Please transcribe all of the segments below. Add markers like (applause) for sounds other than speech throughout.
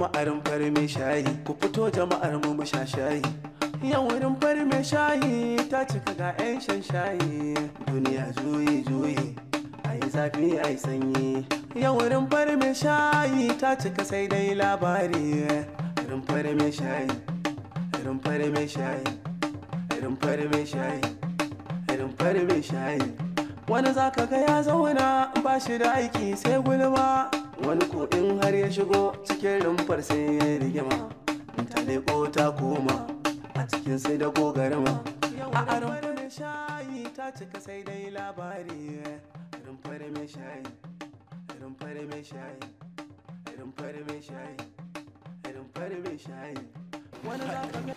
ma'arin fari shayi jama'ar mu mu sha shayi ta cika ga 'yan shan shayi duniya juyi juyi zafi ai sanyi yau rumfar mai shayi ta cika sai dai labari rumfar mai shayi rumfar mai shayi rumfar mai shayi rumfar mai shayi wani zaka ga ya zauna ba shi da aiki sai gulma wani ko in har ya shigo cikin rumfar sai ya rigima ta leƙo ta koma a cikin sai da gogarma a rumfar mai shayi ta cika sai dai labari mai shayi irin fari mai shayi irin fari mai shayi irin fari mai shayi wani za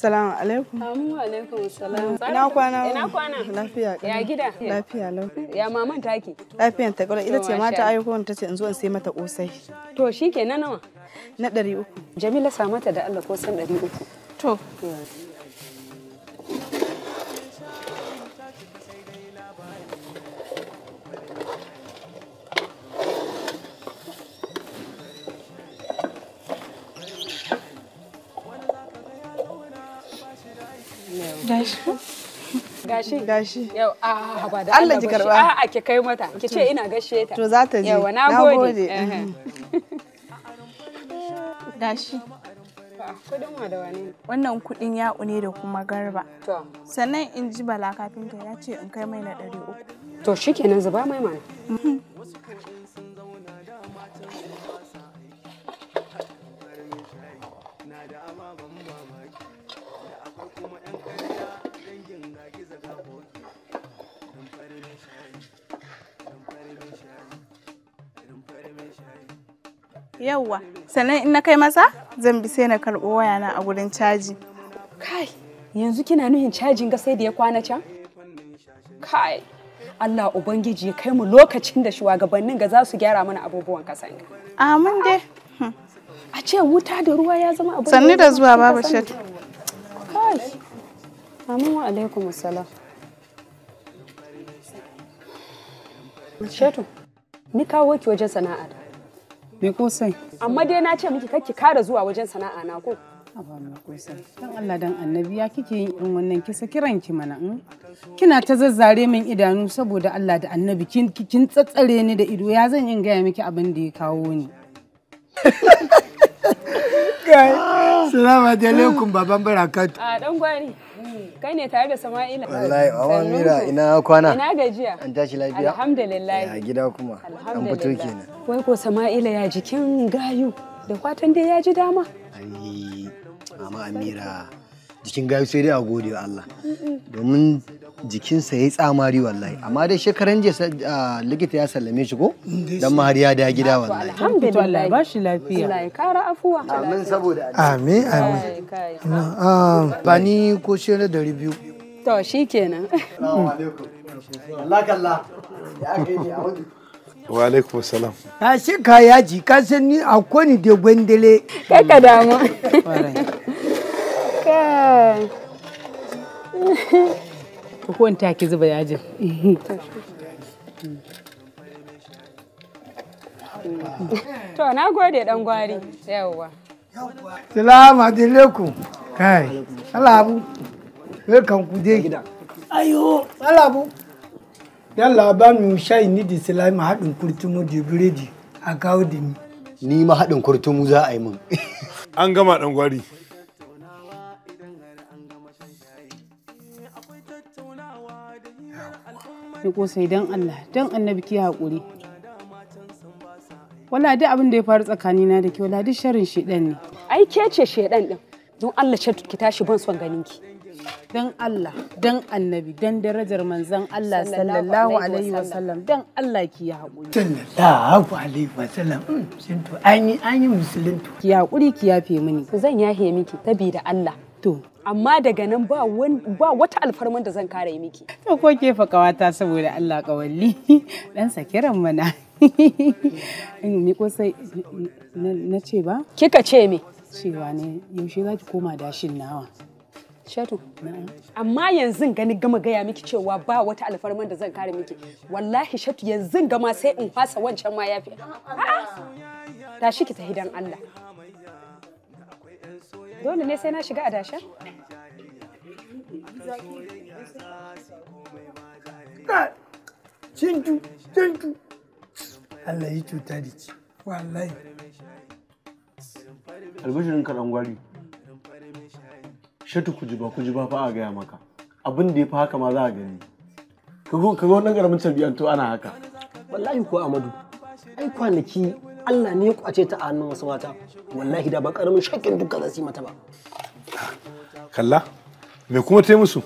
Salamu alaikum. Amu alaikum salam. Ina kwana. Ina kwana. Lafiya. Ya gida. Lafiya lafiya. Ya maman taki. Lafiya ta kula ita ce mata ayyuka wanda tace in zo in sai mata kosai. To na nawa? Na ɗari uku. Jamila sa mata da Allah kosan ɗari uku. To. gashi gashi yau a ah, ba da Allah ji karba a a ki kai mata ki ce ina gashe ta to za ta je yawa nagode mm-hmm. gashi ah, wannan kudin ya'u ne da kuma garba sannan in ji bala kafinta ya ce in kai mai na ɗari uku to shikenan zuba mai mana mm-hmm. Yawwa, sannan in na kai masa zan bi sai na karɓo wayana a gurin caji. Kai, yanzu kina nuhin cajin ga sai da ya kwana can? Kai, Allah Ubangiji ya kai mu lokacin da shugabannin ga za su gyara mana abubuwan kasan ga. Amin dai. Hmm. A ce wuta da ruwa ya zama abu Sanni da zuwa babu Shatu. Kai. Amin wa alaikum assalam. Shatu, ni kawo ki wajen sana'a Me sai. Amma dai na ce miki kar ki kara zuwa wajen sana'a na ko. Aba me sai? Dan Allah dan Annabi ya kike yin irin wannan kisa kiran ki mana in. Hmm? Kina ta zazzare min idanu saboda Allah da Annabi kin kin tsatsare ni da ido ya zan yin gaya miki abin da ya kawo ni. (laughs) Salamu alaikum baban barakatu. A dan gwari. Kai ne tare da Sama'ila. Wallahi awa mira ina kwana. Ina gajiya. An tashi lafiya. Alhamdulillah. Ya gida kuma. An fito kenan. Wai ko Sama'ila ya jikin gayu da kwatan dai ya ji dama. Ai mama Amira. jikin gayu sai dai a gode wa Allah domin jikinsa ya yi tsamari wallahi amma dai shekaran jiya likita ya sallame shi ko dan ma har ya da gida wallahi alhamdulillah ba shi lafiya Allah ya kara afuwa amin saboda amin amin ah, ba bani ko shi na dari biyu to shikenan assalamu alaikum Allah kallah ya kai ni wa alaikum assalam a shi ka yaji ka san ni akwai ni da gwendele kai ka damu Ku ta ki zuba yajin. To na gode dan gwari. Yawwa. Salamu alaikum. Kai. Salamu. Welcome ku je gida. Ayo. Salamu. Yalla ba mu shayi ni da salamu haɗin kurtumu da biredi a kawo da ni. ma haɗin kurtumu za a yi min. An gama dan gwari. Mai kosai don Allah, don annabi ki haƙuri. Wala duk abin da ya faru tsakanina da ke wala duk sharin shedan ne. Ai ke ce shedan din. Don Allah ce ki tashi ban son ganin ki. Don Allah, don annabi, don darajar manzon Allah sallallahu alaihi wa sallam, don Allah ki ya haƙuri. Sallallahu alaihi wa sallam, mm, sinto an yi an yi musulunto. Ki haƙuri ki yafe mini. Zan yahe miki saboda Allah. To, amma daga nan ba wata alfarman da zan kare miki. To ko ke fa kawata saboda Allah kawalli dan (laughs) sakiran mana. (laughs) Ni ko sai na ce ba? Kika ce me? Cewa ne yaushe za ki koma dashin nawa. Shatu. Amma yanzu gani gama gaya miki cewa ba wata alfarman da zan kare miki. Wallahi Shatu yanzu gama sai in fasa wancan ma yafi. Ah! Tashi ki ta hidan Allah. Dole ne sai na shiga adashin? cintu cintu Allah yi cuta da ci wallahi albishirin kaɗan gwari shatu ba kujiba ba fa a gaya maka abin da ya fi haka ma za a gani ka ga wannan ƙaramin tabi'anto ana haka wallahi ko amadu ai kwanaki Allah ne ya kwace ta a hannun wasu mata wallahi da ba ƙaramin shakin duka za su yi mata ba kalla Me kuma ta musu?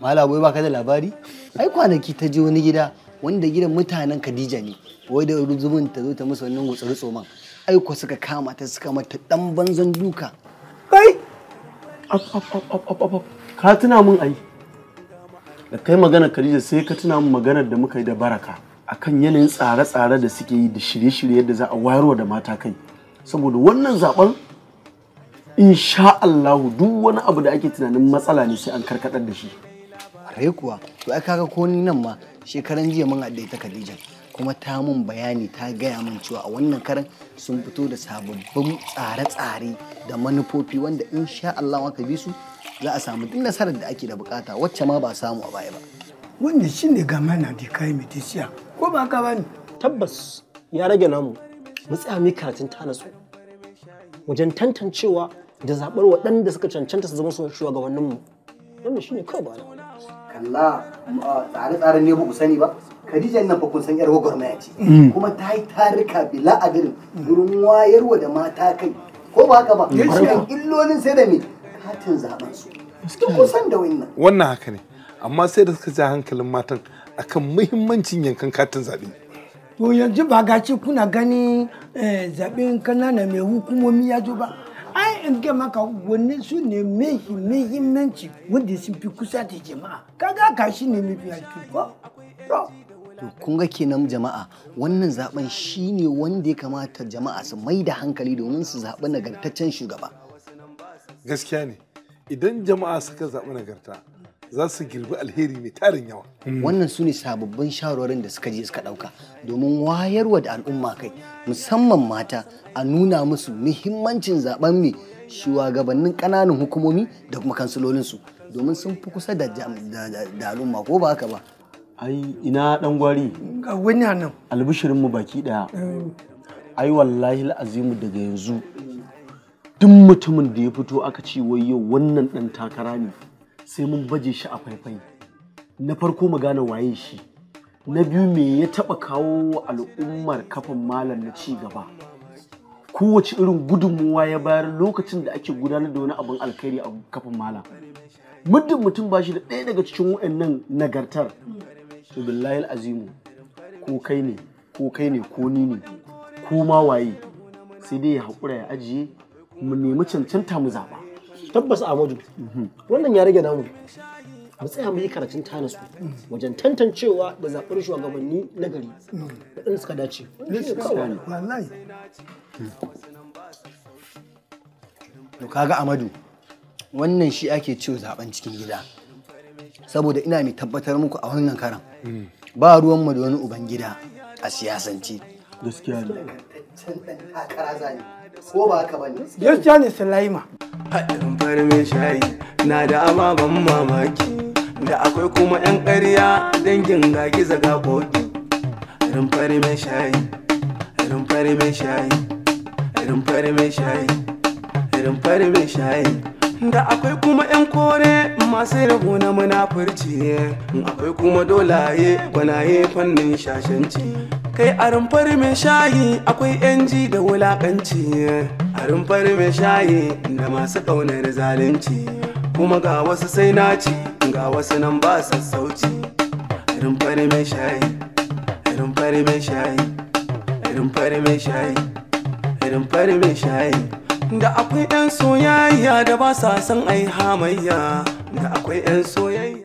Mala boye baka da labari? Ai kwanaki ta je wani gida wanda gidan mutanen Khadija ne. Wai da zubin ta zo ta musu wannan gutsuru tsoman. Ai ko suka kama ta suka mata dan banzan duka. Kai! Ka tuna mun ai. Da kai magana Khadija sai ka tuna mun maganar da muka yi da Baraka. akan yanayin tsare-tsare da suke yi da shirye-shirye yadda za a wayarwa da mata kai saboda wannan zaben insha Allah duk wani abu da ake tunanin matsala ne sai an karkatar da shi rai kuwa to ai kaga ko ni nan ma shekaran jiya mun haɗe ta Khadija kuma ta mun bayani ta gaya min cewa a wannan karan sun fito da sababbin tsare-tsare da manufofi wanda insha Allah aka bi su za a samu duk nasarar da ake da bukata wacce ma ba samu a baya ba wannan shine na da kai mitisiya ko ba ka bani tabbas ya rage namu mu tsaya mu karatun ta wajen tantancewa da zaɓar waɗanda suka cancanta su zama su shugabanninmu wannan shine kawai ba kalla tsare-tsaren ne ba sani ba Khadija nan fa kun san yar gwagwarmaya ce mm. Mm. kuma ta yi tarika bila garin gurin wayarwa da mata kai ko ba haka ba mm. kan illolin sai da me katin zaɓen su duk kusan da wannan wannan haka ne amma sai da suka ja hankalin matan akan muhimmancin yankan katin zaɓe to yanzu ba gaci kuna gani eh, zaɓen kanana mai hukumomi ya zo ba sai in ga maka wanne su ne muhimmanci wanda sun fi kusa da jama'a kaga ka shi ne mafi haƙi ko kun ga kenan jama'a wannan zaben shine wanda ya kamata jama'a su mai da hankali domin su zaɓi nagartaccen shugaba gaskiya ne idan jama'a suka zaɓi nagarta za su girbi alheri mai tarin yawa. Wannan su ne sababbin shawarwarin da suka je suka ɗauka domin wayarwa da al'umma kai musamman mata a nuna musu muhimmancin zaben mai shugabannin ƙananan hukumomi da kuma kansulolinsu domin sun fi kusa da al'umma ko ba haka ba. Ai ina ɗan gwari. Ga wani nan. Albishirinmu baki ɗaya. Eh. Ai wallahi azimu daga yanzu duk mutumin da ya fito aka ce wai yau wannan ɗan takara ne. sai mun baje shi a faifai na farko mu gane waye shi na biyu me ya taɓa kawo al'ummar kafin malam na ci gaba kowace irin gudunmuwa ya bayar lokacin da ake gudanar da wani abin alkhairi a kafin malam muddin mutum ba shi da ɗaya daga cikin wa'annan nagartar to billahi azimu ko kai ne ko kai ne ko ni ne ko ma waye sai dai ya haƙura ya ajiye mu nemi cancanta mu zaɓa tabbas amadu wannan ya rage namu mu tsaya mu yi karatun tana su wajen tantancewa da zaɓar shugabanni na gari waɗanda suka dace to ga amadu wannan shi ake ciwo zaben cikin gida saboda ina mai tabbatar muku a wannan karan hmm. ba ruwan da wani uban gida a siyasance gaskiya ne ko ba haka bane gaskiya ne sulaima haɗin farme shayi na da ababan mamaki da akwai kuma yan ƙarya dangin gagi zaga koki rumfar mai shayi shayi rumfar mai shayi rumfar mai shayi da akwai kuma yan kore masu rabu na munafurci akwai kuma dolaye gwanaye fannin shashanci kai a rumfar mai shayi akwai ji da wulaƙanci a rumfar mai shayi da masu ƙaunar zalunci kuma ga wasu sai naci ga wasu nan ba sassauci rumfar mai shayi rumfar mai shayi rumfar mai shayi rumfar mai shayi da akwai 'yan soyayya da ba sa son ai hamayya da akwai 'yan soyayya